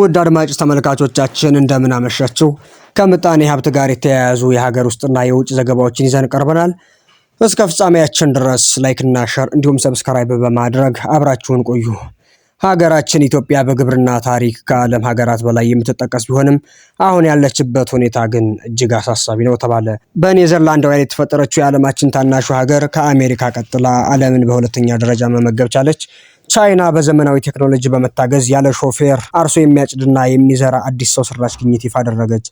ውድ አድማጭ ተመልካቾቻችን እንደምን አመሻችሁ። ከምጣኔ ሀብት ጋር የተያያዙ የሀገር ውስጥና የውጭ ዘገባዎችን ይዘን ቀርበናል። እስከ ፍጻሜያችን ድረስ ላይክና ሸር እንዲሁም ሰብስክራይብ በማድረግ አብራችሁን ቆዩ። ሀገራችን ኢትዮጵያ በግብርና ታሪክ ከዓለም ሀገራት በላይ የምትጠቀስ ቢሆንም አሁን ያለችበት ሁኔታ ግን እጅግ አሳሳቢ ነው ተባለ። በኔዘርላንዳውያን የተፈጠረችው የዓለማችን ታናሹ ሀገር ከአሜሪካ ቀጥላ ዓለምን በሁለተኛ ደረጃ መመገብ ቻለች። ቻይና በዘመናዊ ቴክኖሎጂ በመታገዝ ያለ ሾፌር አርሶ የሚያጭድና የሚዘራ አዲስ ሰው ሰራሽ ግኝት ይፋ አደረገች።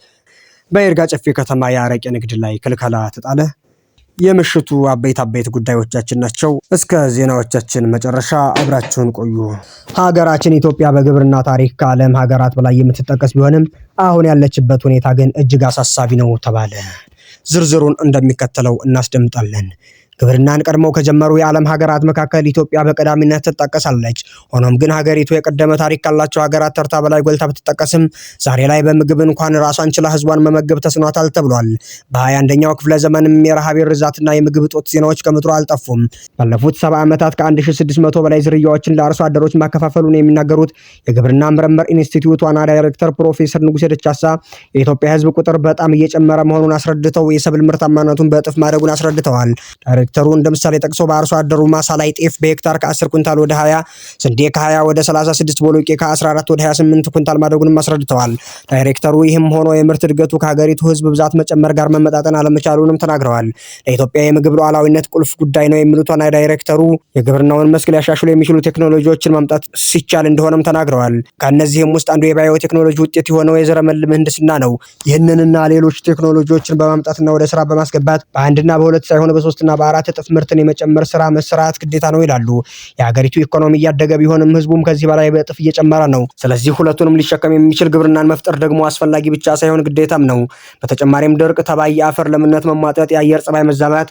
በይርጋ ጨፌ ከተማ የአረቄ ንግድ ላይ ክልከላ ተጣለ። የምሽቱ አበይት አበይት ጉዳዮቻችን ናቸው። እስከ ዜናዎቻችን መጨረሻ አብራችሁን ቆዩ። ሀገራችን ኢትዮጵያ በግብርና ታሪክ ከዓለም ሀገራት በላይ የምትጠቀስ ቢሆንም አሁን ያለችበት ሁኔታ ግን እጅግ አሳሳቢ ነው ተባለ። ዝርዝሩን እንደሚከተለው እናስደምጣለን። ግብርናን ቀድመው ከጀመሩ የዓለም ሀገራት መካከል ኢትዮጵያ በቀዳሚነት ትጠቀሳለች። ሆኖም ግን ሀገሪቱ የቀደመ ታሪክ ካላቸው ሀገራት ተርታ በላይ ጎልታ ብትጠቀስም ዛሬ ላይ በምግብ እንኳን ራሷን ችላ ህዝቧን መመገብ ተስኗታል ተብሏል። በሀያ አንደኛው ክፍለ ዘመንም የረሃብ ርዛትና የምግብ እጦት ዜናዎች ከምድሩ አልጠፉም። ባለፉት ሰባ ዓመታት ከ1600 በላይ ዝርያዎችን ለአርሶ አደሮች ማከፋፈሉን የሚናገሩት የግብርና ምርምር ኢንስቲትዩት ዋና ዳይሬክተር ፕሮፌሰር ንጉሴ ደቻሳ የኢትዮጵያ ህዝብ ቁጥር በጣም እየጨመረ መሆኑን አስረድተው የሰብል ምርታማነቱን በእጥፍ ማደጉን አስረድተዋል። ዳይሬክተሩ እንደ ምሳሌ ጠቅሶ በአርሶ አደሩ ማሳ ላይ ጤፍ በሄክታር ከ10 ኩንታል ወደ 20፣ ስንዴ ከ20 ወደ 36፣ ቦሎቄ ከ14 ወደ 28 ኩንታል ማደጉንም አስረድተዋል። ዳይሬክተሩ ይህም ሆኖ የምርት እድገቱ ከሀገሪቱ ህዝብ ብዛት መጨመር ጋር መመጣጠን አለመቻሉንም ተናግረዋል። ለኢትዮጵያ የምግብ ሉዓላዊነት ቁልፍ ጉዳይ ነው የሚሉት ዋና ዳይሬክተሩ የግብርናውን መስክ ሊያሻሽሉ የሚችሉ ቴክኖሎጂዎችን ማምጣት ሲቻል እንደሆነም ተናግረዋል። ከእነዚህም ውስጥ አንዱ የባዮ ቴክኖሎጂ ውጤት የሆነው የዘረመል ምህንድስና ነው። ይህንንና ሌሎች ቴክኖሎጂዎችን በማምጣትና ወደ ስራ በማስገባት በአንድና በሁለት ሳይሆን በሶስትና በአ ተግባራት እጥፍ ምርትን የመጨመር ስራ መስራት ግዴታ ነው ይላሉ። የሀገሪቱ ኢኮኖሚ እያደገ ቢሆንም ህዝቡም ከዚህ በላይ በእጥፍ እየጨመረ ነው። ስለዚህ ሁለቱንም ሊሸከም የሚችል ግብርናን መፍጠር ደግሞ አስፈላጊ ብቻ ሳይሆን ግዴታም ነው። በተጨማሪም ድርቅ፣ ተባይ፣ አፈር ለምነት መሟጠጥ፣ የአየር ጸባይ መዛባት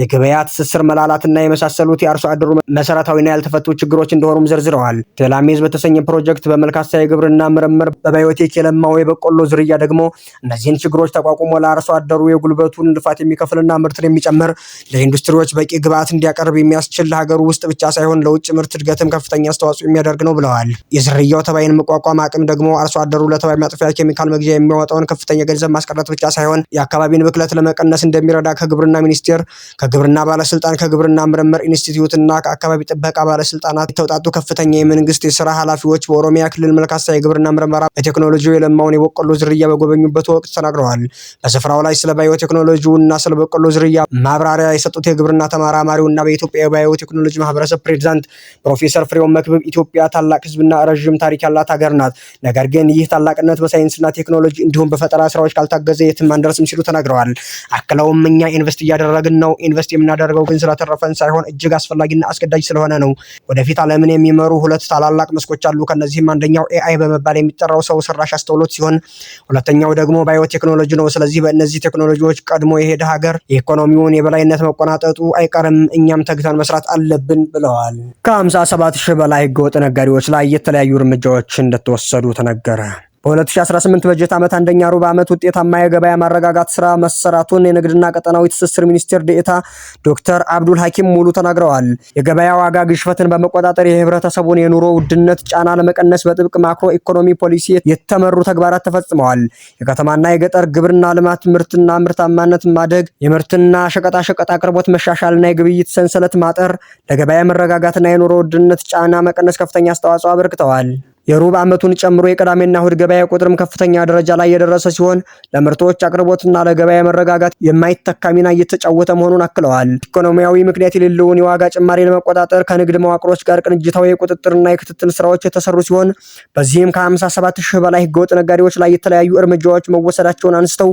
የገበያ ትስስር መላላትና የመሳሰሉት የአርሶ አደሩ መሰረታዊና ያልተፈቱ ችግሮች እንደሆኑም ዘርዝረዋል። ቴላሜዝ በተሰኘ ፕሮጀክት በመልካሳ የግብርና ምርምር በባዮቴክ የለማው የበቆሎ ዝርያ ደግሞ እነዚህን ችግሮች ተቋቁሞ ለአርሶ አደሩ የጉልበቱን ልፋት የሚከፍልና ምርትን የሚጨምር ለኢንዱስትሪዎች በቂ ግብዓት እንዲያቀርብ የሚያስችል ለሀገሩ ውስጥ ብቻ ሳይሆን ለውጭ ምርት እድገትም ከፍተኛ አስተዋጽኦ የሚያደርግ ነው ብለዋል። የዝርያው ተባይን መቋቋም አቅም ደግሞ አርሶ አደሩ ለተባይ ማጥፊያ ኬሚካል መግዣ የሚያወጣውን ከፍተኛ ገንዘብ ማስቀረት ብቻ ሳይሆን የአካባቢን ብክለት ለመቀነስ እንደሚረዳ ከግብርና ሚኒስቴር ከግብርና ባለስልጣን ከግብርና ምርምር ኢንስቲትዩት እና ከአካባቢ ጥበቃ ባለስልጣናት የተውጣጡ ከፍተኛ የመንግስት የስራ ኃላፊዎች በኦሮሚያ ክልል መልካሳ የግብርና ምርመራ በቴክኖሎጂ የለማውን የበቆሎ ዝርያ በጎበኙበት ወቅት ተናግረዋል። በስፍራው ላይ ስለ ባዮቴክኖሎጂ ቴክኖሎጂው እና ስለ በቆሎ ዝርያ ማብራሪያ የሰጡት የግብርና ተመራማሪው እና በኢትዮጵያ የባዮቴክኖሎጂ ማህበረሰብ ፕሬዚዳንት ፕሮፌሰር ፍሬውን መክብብ ኢትዮጵያ ታላቅ ህዝብና ረዥም ታሪክ ያላት ሀገር ናት። ነገር ግን ይህ ታላቅነት በሳይንስና ቴክኖሎጂ እንዲሁም በፈጠራ ስራዎች ካልታገዘ የትም አንደርስም ሲሉ ተናግረዋል። አክለውም እኛ ኢንቨስት እያደረግን ነው ኢንቨስት የምናደርገው ግን ስለተረፈን ሳይሆን እጅግ አስፈላጊና አስገዳጅ ስለሆነ ነው። ወደፊት ዓለምን የሚመሩ ሁለት ታላላቅ መስኮች አሉ። ከነዚህም አንደኛው ኤአይ በመባል የሚጠራው ሰው ሰራሽ አስተውሎት ሲሆን፣ ሁለተኛው ደግሞ ባዮ ቴክኖሎጂ ነው። ስለዚህ በእነዚህ ቴክኖሎጂዎች ቀድሞ የሄደ ሀገር የኢኮኖሚውን የበላይነት መቆናጠጡ አይቀርም፣ እኛም ተግተን መስራት አለብን ብለዋል። ከ57 ሺህ በላይ ህገወጥ ነጋዴዎች ላይ የተለያዩ እርምጃዎች እንደተወሰዱ ተነገረ። በ2018 በጀት ዓመት አንደኛ ሩብ ዓመት ውጤታማ የገበያ ማረጋጋት ስራ መሰራቱን የንግድና ቀጠናዊ ትስስር ሚኒስቴር ዴኤታ ዶክተር አብዱል ሐኪም ሙሉ ተናግረዋል። የገበያ ዋጋ ግሽፈትን በመቆጣጠር የህብረተሰቡን የኑሮ ውድነት ጫና ለመቀነስ በጥብቅ ማክሮ ኢኮኖሚ ፖሊሲ የተመሩ ተግባራት ተፈጽመዋል። የከተማና የገጠር ግብርና ልማት፣ ምርትና ምርታማነት ማደግ፣ የምርትና ሸቀጣሸቀጥ አቅርቦት መሻሻልና የግብይት ሰንሰለት ማጠር ለገበያ መረጋጋትና የኑሮ ውድነት ጫና መቀነስ ከፍተኛ አስተዋጽኦ አበርክተዋል። የሩብ ዓመቱን ጨምሮ የቅዳሜና እሁድ ገበያ ቁጥርም ከፍተኛ ደረጃ ላይ የደረሰ ሲሆን ለምርቶች አቅርቦትና ለገበያ መረጋጋት የማይተካ ሚና እየተጫወተ መሆኑን አክለዋል። ኢኮኖሚያዊ ምክንያት የሌለውን የዋጋ ጭማሪ ለመቆጣጠር ከንግድ መዋቅሮች ጋር ቅንጅታዊ የቁጥጥርና የክትትል ስራዎች የተሰሩ ሲሆን በዚህም ከ57 ሺህ በላይ ህገወጥ ነጋዴዎች ላይ የተለያዩ እርምጃዎች መወሰዳቸውን አንስተው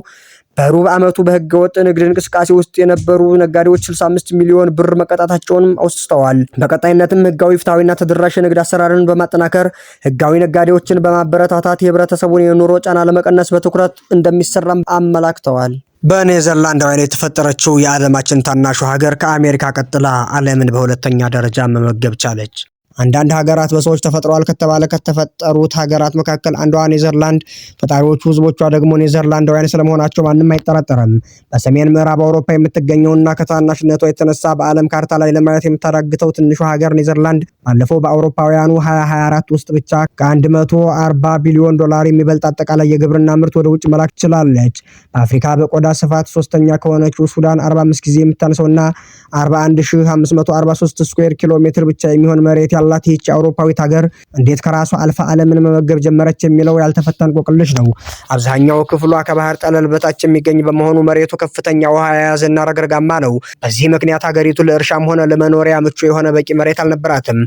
በሩብ ዓመቱ በህገ ወጥ ንግድ እንቅስቃሴ ውስጥ የነበሩ ነጋዴዎች 65 ሚሊዮን ብር መቀጣታቸውንም አውስተዋል። በቀጣይነትም ህጋዊ ፍትሐዊና ተደራሽ የንግድ አሰራርን በማጠናከር ህጋዊ ነጋዴዎችን በማበረታታት የህብረተሰቡን የኑሮ ጫና ለመቀነስ በትኩረት እንደሚሰራም አመላክተዋል። በኔዘርላንዳውያን የተፈጠረችው የዓለማችን ታናሹ ሀገር ከአሜሪካ ቀጥላ ዓለምን በሁለተኛ ደረጃ መመገብ ቻለች። አንዳንድ ሀገራት በሰዎች ተፈጥረዋል ከተባለ ከተፈጠሩት ሀገራት መካከል አንዷ ኔዘርላንድ፣ ፈጣሪዎቹ ህዝቦቿ ደግሞ ኔዘርላንዳውያን ስለመሆናቸው ማንም አይጠራጠርም። በሰሜን ምዕራብ አውሮፓ የምትገኘውና ከታናሽነቷ የተነሳ በዓለም ካርታ ላይ ለማየት የምታዳግተው ትንሿ ሀገር ኔዘርላንድ ባለፈው በአውሮፓውያኑ 2024 ውስጥ ብቻ ከ140 ቢሊዮን ዶላር የሚበልጥ አጠቃላይ የግብርና ምርት ወደ ውጭ መላክ ችላለች። በአፍሪካ በቆዳ ስፋት ሶስተኛ ከሆነችው ሱዳን 45 ጊዜ የምታነሰውና 41543 ስኩዌር ኪሎ ሜትር ብቻ የሚሆን መሬት ያለ ያላት ይህች አውሮፓዊት ሀገር እንዴት ከራሷ አልፋ ዓለምን መመገብ ጀመረች የሚለው ያልተፈታ እንቆቅልሽ ነው። አብዛኛው ክፍሏ ከባህር ጠለል በታች የሚገኝ በመሆኑ መሬቱ ከፍተኛ ውሃ የያዘና ረግረጋማ ነው። በዚህ ምክንያት ሀገሪቱ ለእርሻም ሆነ ለመኖሪያ ምቹ የሆነ በቂ መሬት አልነበራትም።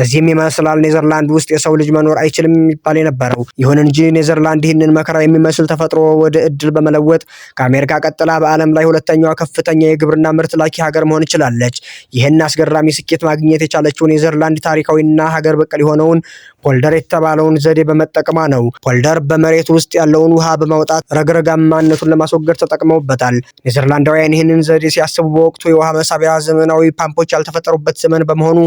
ለዚህም ይመስላል ኔዘርላንድ ውስጥ የሰው ልጅ መኖር አይችልም የሚባል የነበረው። ይሁን እንጂ ኔዘርላንድ ይህንን መከራ የሚመስል ተፈጥሮ ወደ እድል በመለወጥ ከአሜሪካ ቀጥላ በዓለም ላይ ሁለተኛዋ ከፍተኛ የግብርና ምርት ላኪ ሀገር መሆን ይችላለች። ይህን አስገራሚ ስኬት ማግኘት የቻለችው ኔዘርላንድ ታሪክ ታሪካዊና ሀገር በቀል የሆነውን ፖልደር የተባለውን ዘዴ በመጠቀሟ ነው። ፖልደር በመሬት ውስጥ ያለውን ውሃ በማውጣት ረግረጋማነቱን ለማስወገድ ተጠቅመውበታል። ኔዘርላንዳውያን ይህንን ዘዴ ሲያስቡ በወቅቱ የውሃ መሳቢያ ዘመናዊ ፓምፖች ያልተፈጠሩበት ዘመን በመሆኑ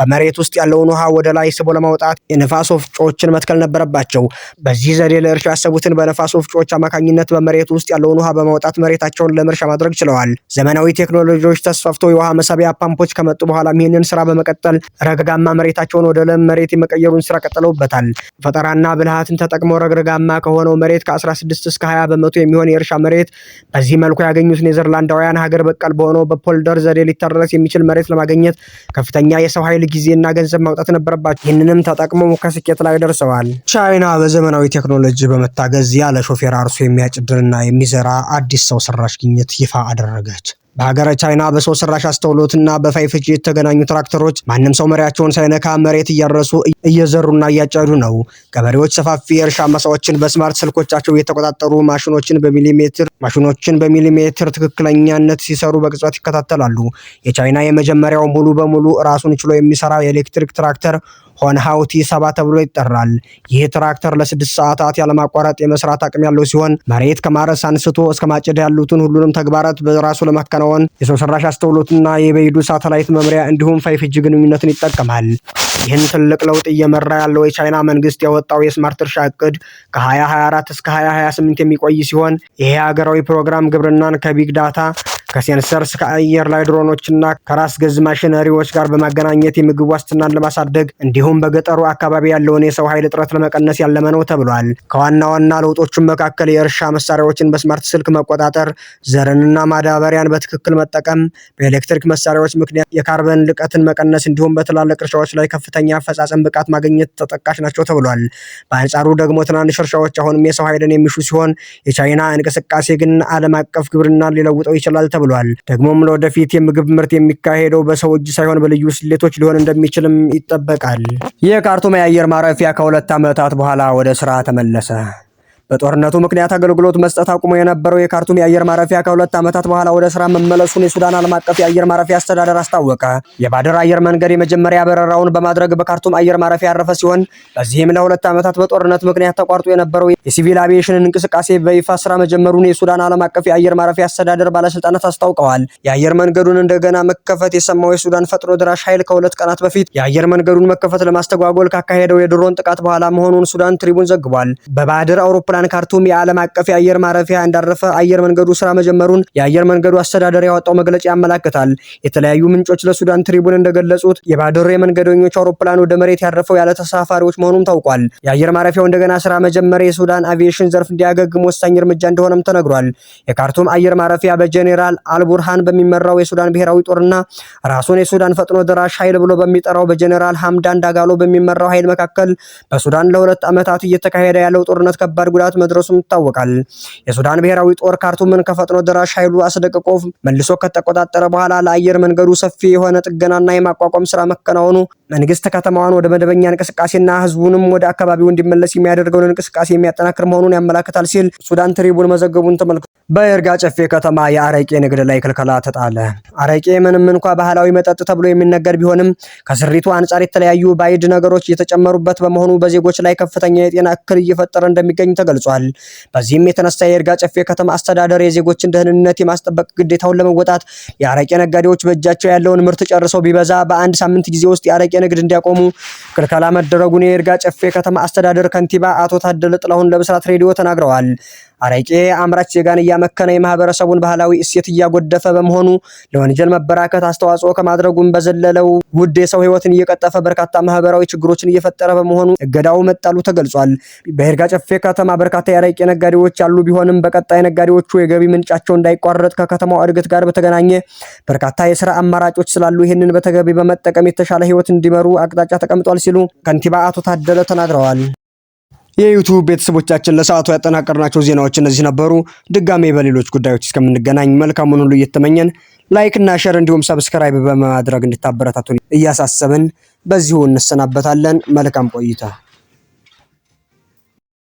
በመሬት ውስጥ ያለውን ውሃ ወደ ላይ ስቦ ለማውጣት የነፋስ ወፍጮዎችን መትከል ነበረባቸው። በዚህ ዘዴ ለእርሻ ያሰቡትን በነፋስ ወፍጮዎች አማካኝነት በመሬት ውስጥ ያለውን ውሃ በማውጣት መሬታቸውን ለእርሻ ማድረግ ችለዋል። ዘመናዊ ቴክኖሎጂዎች ተስፋፍቶ የውሃ መሳቢያ ፓምፖች ከመጡ በኋላም ይህንን ስራ በመቀጠል ረግጋማ መሬታቸውን ወደ ለም መሬት የመቀየሩን ስራ ቀጥለውበታል። ፈጠራና ብልሃትን ተጠቅመው ረግረጋማ ከሆነው መሬት ከ16 እስከ 20 በመቶ የሚሆን የእርሻ መሬት በዚህ መልኩ ያገኙት ኔዘርላንዳውያን ሀገር በቀል በሆነው በፖልደር ዘዴ ሊታረስ የሚችል መሬት ለማግኘት ከፍተኛ የሰው ኃይል ጊዜና ገንዘብ ማውጣት ነበረባቸው። ይህንንም ተጠቅመው ከስኬት ላይ ደርሰዋል። ቻይና በዘመናዊ ቴክኖሎጂ በመታገዝ ያለ ሾፌር አርሶ የሚያጭድርና የሚዘራ አዲስ ሰው ሰራሽ ግኝት ይፋ አደረገች። በሀገረ ቻይና በሰው ሰራሽ አስተውሎትና በፋይፍጂ የተገናኙ ትራክተሮች ማንም ሰው መሪያቸውን ሳይነካ መሬት እያረሱ እየዘሩና እያጨዱ ነው። ገበሬዎች ሰፋፊ የእርሻ መሳዎችን በስማርት ስልኮቻቸው እየተቆጣጠሩ ማሽኖችን በሚሊሜትር ማሽኖችን በሚሊሜትር ትክክለኛነት ሲሰሩ በቅጽበት ይከታተላሉ። የቻይና የመጀመሪያው ሙሉ በሙሉ ራሱን ችሎ የሚሰራ የኤሌክትሪክ ትራክተር ሆነ ሀውቲ ሰባ ተብሎ ይጠራል። ይህ ትራክተር ለስድስት ሰዓታት ያለማቋረጥ የመስራት አቅም ያለው ሲሆን መሬት ከማረስ አንስቶ እስከ ማጨድ ያሉትን ሁሉንም ተግባራት በራሱ ለማከናወን የሰው ሰራሽ አስተውሎትና የበይዱ ሳተላይት መምሪያ እንዲሁም ፋይፍጂ ግንኙነትን ይጠቀማል። ይህን ትልቅ ለውጥ እየመራ ያለው የቻይና መንግስት ያወጣው የስማርት እርሻ እቅድ ከ2024 እስከ 2028 የሚቆይ ሲሆን ይሄ ሀገራዊ ፕሮግራም ግብርናን ከቢግ ዳታ ከሴንሰርስ ከአየር ላይ ድሮኖችና ከራስ ገዝ ማሽነሪዎች ጋር በማገናኘት የምግብ ዋስትናን ለማሳደግ እንዲሁም በገጠሩ አካባቢ ያለውን የሰው ኃይል እጥረት ለመቀነስ ያለመ ነው ተብሏል። ከዋና ዋና ለውጦቹም መካከል የእርሻ መሳሪያዎችን በስማርት ስልክ መቆጣጠር፣ ዘርንና ማዳበሪያን በትክክል መጠቀም፣ በኤሌክትሪክ መሳሪያዎች ምክንያት የካርበን ልቀትን መቀነስ እንዲሁም በትላልቅ እርሻዎች ላይ ከፍተኛ አፈጻጸም ብቃት ማግኘት ተጠቃሽ ናቸው ተብሏል። በአንጻሩ ደግሞ ትናንሽ እርሻዎች አሁንም የሰው ኃይልን የሚሹ ሲሆን የቻይና እንቅስቃሴ ግን ዓለም አቀፍ ግብርናን ሊለውጠው ይችላል ተብሏል። ደግሞም ለወደፊት የምግብ ምርት የሚካሄደው በሰው እጅ ሳይሆን በልዩ ስሌቶች ሊሆን እንደሚችልም ይጠበቃል። የካርቱም የአየር ማረፊያ ከሁለት ዓመታት በኋላ ወደ ስራ ተመለሰ። በጦርነቱ ምክንያት አገልግሎት መስጠት አቁሞ የነበረው የካርቱም የአየር ማረፊያ ከሁለት ዓመታት በኋላ ወደ ስራ መመለሱን የሱዳን ዓለም አቀፍ የአየር ማረፊያ አስተዳደር አስታወቀ። የባድር አየር መንገድ የመጀመሪያ በረራውን በማድረግ በካርቱም አየር ማረፊያ ያረፈ ሲሆን በዚህም ለሁለት ዓመታት በጦርነት ምክንያት ተቋርጦ የነበረው የሲቪል አቪዬሽን እንቅስቃሴ በይፋ ስራ መጀመሩን የሱዳን ዓለም አቀፍ የአየር ማረፊያ አስተዳደር ባለስልጣናት አስታውቀዋል። የአየር መንገዱን እንደገና መከፈት የሰማው የሱዳን ፈጥኖ ድራሽ ኃይል ከሁለት ቀናት በፊት የአየር መንገዱን መከፈት ለማስተጓጎል ካካሄደው የድሮን ጥቃት በኋላ መሆኑን ሱዳን ትሪቡን ዘግቧል። በባድር አውሮፕላ አውሮፕላን ካርቱም የዓለም አቀፍ የአየር ማረፊያ እንዳረፈ አየር መንገዱ ስራ መጀመሩን የአየር መንገዱ አስተዳደር ያወጣው መግለጫ ያመላክታል። የተለያዩ ምንጮች ለሱዳን ትሪቡን እንደገለጹት የባድሬ መንገደኞች አውሮፕላን ወደ መሬት ያረፈው ያለ ተሳፋሪዎች መሆኑም ታውቋል። የአየር ማረፊያው እንደገና ስራ መጀመር የሱዳን አቪዬሽን ዘርፍ እንዲያገግም ወሳኝ እርምጃ እንደሆነም ተነግሯል። የካርቱም አየር ማረፊያ በጄኔራል አልቡርሃን በሚመራው የሱዳን ብሔራዊ ጦርና ራሱን የሱዳን ፈጥኖ ደራሽ ኃይል ብሎ በሚጠራው በጄኔራል ሀምዳን ዳጋሎ በሚመራው ኃይል መካከል በሱዳን ለሁለት ዓመታት እየተካሄደ ያለው ጦርነት ከባድ ጉዳት ጉዳት መድረሱም ይታወቃል። የሱዳን ብሔራዊ ጦር ካርቱምን ከፈጥኖ ደራሽ ኃይሉ አስደቅቆ መልሶ ከተቆጣጠረ በኋላ ለአየር መንገዱ ሰፊ የሆነ ጥገናና የማቋቋም ስራ መከናወኑ መንግስት ከተማዋን ወደ መደበኛ እንቅስቃሴና ህዝቡንም ወደ አካባቢው እንዲመለስ የሚያደርገውን እንቅስቃሴ የሚያጠናክር መሆኑን ያመላክታል ሲል ሱዳን ትሪቡን መዘገቡን ተመልክቶ በይርጋ ጨፌ ከተማ የአረቄ ንግድ ላይ ክልከላ ተጣለ። አረቄ ምንም እንኳ ባህላዊ መጠጥ ተብሎ የሚነገር ቢሆንም ከስሪቱ አንጻር የተለያዩ ባይድ ነገሮች የተጨመሩበት በመሆኑ በዜጎች ላይ ከፍተኛ የጤና እክል እየፈጠረ እንደሚገኝ ተገልጿል። ገልጿል። በዚህም የተነሳ የይርጋ ጨፌ ከተማ አስተዳደር የዜጎችን ደህንነት የማስጠበቅ ግዴታውን ለመወጣት የአረቄ ነጋዴዎች በእጃቸው ያለውን ምርት ጨርሰው ቢበዛ በአንድ ሳምንት ጊዜ ውስጥ የአረቄ ንግድ እንዲያቆሙ ክልከላ መደረጉን የይርጋ ጨፌ ከተማ አስተዳደር ከንቲባ አቶ ታደለ ጥላሁን ለብስራት ሬዲዮ ተናግረዋል። አረቄ አምራች ዜጋን እያመከነ የማህበረሰቡን ባህላዊ እሴት እያጎደፈ በመሆኑ ለወንጀል መበራከት አስተዋጽኦ ከማድረጉም በዘለለው ውድ የሰው ህይወትን እየቀጠፈ በርካታ ማህበራዊ ችግሮችን እየፈጠረ በመሆኑ እገዳው መጣሉ ተገልጿል። በይርጋ ጨፌ ከተማ በርካታ የአረቄ ነጋዴዎች ያሉ ቢሆንም በቀጣይ ነጋዴዎቹ የገቢ ምንጫቸው እንዳይቋረጥ ከከተማው እድገት ጋር በተገናኘ በርካታ የስራ አማራጮች ስላሉ ይህንን በተገቢ በመጠቀም የተሻለ ህይወት እንዲመሩ አቅጣጫ ተቀምጧል ሲሉ ከንቲባ አቶ ታደለ ተናግረዋል። የዩቱብ ቤተሰቦቻችን ለሰዓቱ ያጠናቀርናቸው ዜናዎች እነዚህ ነበሩ። ድጋሜ በሌሎች ጉዳዮች እስከምንገናኝ መልካሙን ሁሉ እየተመኘን እና ሸር እንዲሁም ሰብስክራይብ በማድረግ እንድታበረታቱን እያሳሰብን በዚሁ እንሰናበታለን። መልካም ቆይታ